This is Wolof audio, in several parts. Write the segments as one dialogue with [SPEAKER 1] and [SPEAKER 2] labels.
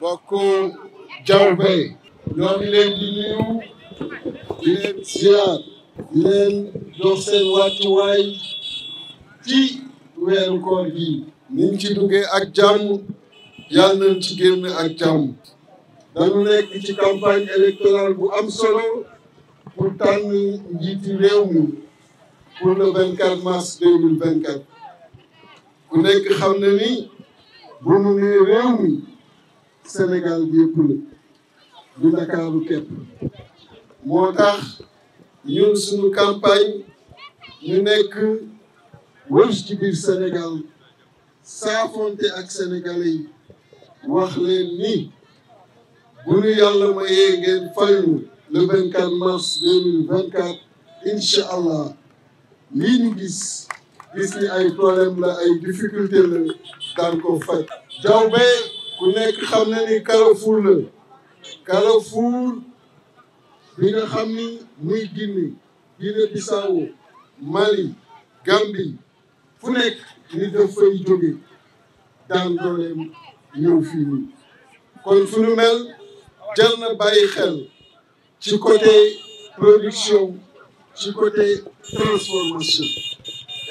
[SPEAKER 1] mbokk jawbe ñoo ngi leen di nuyu di leen ziar di leen jox seen wàccuwaay ci weeru koor gi niñ ci duggee ak jàmm yàlla nañ ci génn ak jàmm dañu nekk ci campagne électorale gu am solo pour tànn njiiti réew mi pour le 24 mars 2024 ku nekk xam na ni bu mu nee mi Sénégal bi yëpp la du Ndakaaru képp moo tax ñun suñu campagne ñu nekk wër ci biir Sénégal saafonte ak sénégalais yi wax leen ni bu ñu yàlla mayee ngeen fayu le 24 mars 2024 incha allah lii ñu gis gis ni ay problème la ay difficulté la daan ko faj jawbe ku nekk xam na ni Carrefour la Carrefour bi nga xam ni muy Guinée Guinée Bissau Mali Gambie fu nekk ni daf jóge daan dooleem ñëw fii kon fu nu mel jar na bàyyi xel ci côté production ci côté transformation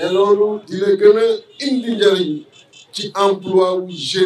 [SPEAKER 1] et loolu dina gën indi njëriñ ci emploi wu yi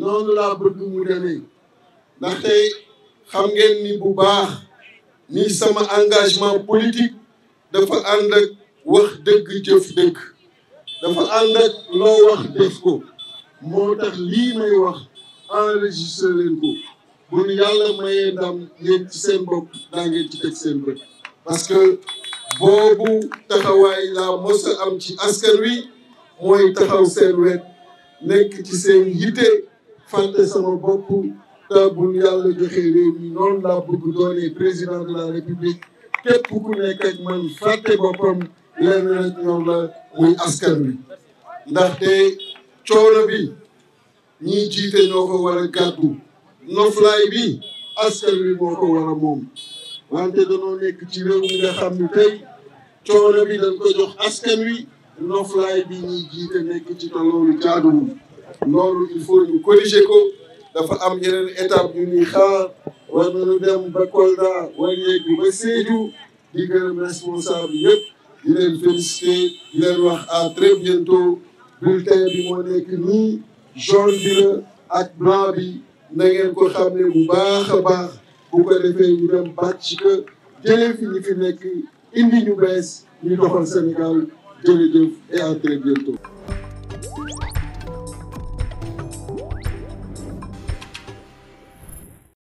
[SPEAKER 1] noonu laa bëgg mu demee ndax xam ngeen ni bu baax ni sama engagement politique dafa ànd ak wax dëgg jëf dëgg dafa ànd ak loo wax def ko moo tax lii may wax enregistré leen ko bu yàlla mayee ndam ngeen ci seen bopp daa ngeen ci teg seen bët parce que boobu taxawaay laa mos am ci askan wi mooy taxaw seen wet nekk ci seen yitte fàtte sama bopp te bu yàlla joxe réew mi noonu laa bëgg doonee président de la république képp ku nekk ak man fàtte boppam lenn rek ñoom la muy askan wi. ndaxte coono bi ñiy jiite ñoo ko war a gàddu noflaay bi askan wi moo ko war moom wante danoo nekk ci réew mi nga xam ne tey coono bi dañ ko jox askan wi noflaay bi ñiy jiite nekk ci te loolu loolu il faut ñu corriger ko dafa am yeneen étape yu ñuy xaar war nañu dem ba Kolda war yeeg ba Sédhiou di gërëm responsable yëpp di leen féliciter di leen wax à très bientôt bulletin bi moo nekk nii jaune bi la ak blanc bi na ngeen ko xam ne bu baax a baax bu ko defee dem bàcc que jëlee fi fi nekk indi ñu bees ñu doxal Sénégal jërëjëf et à très bientôt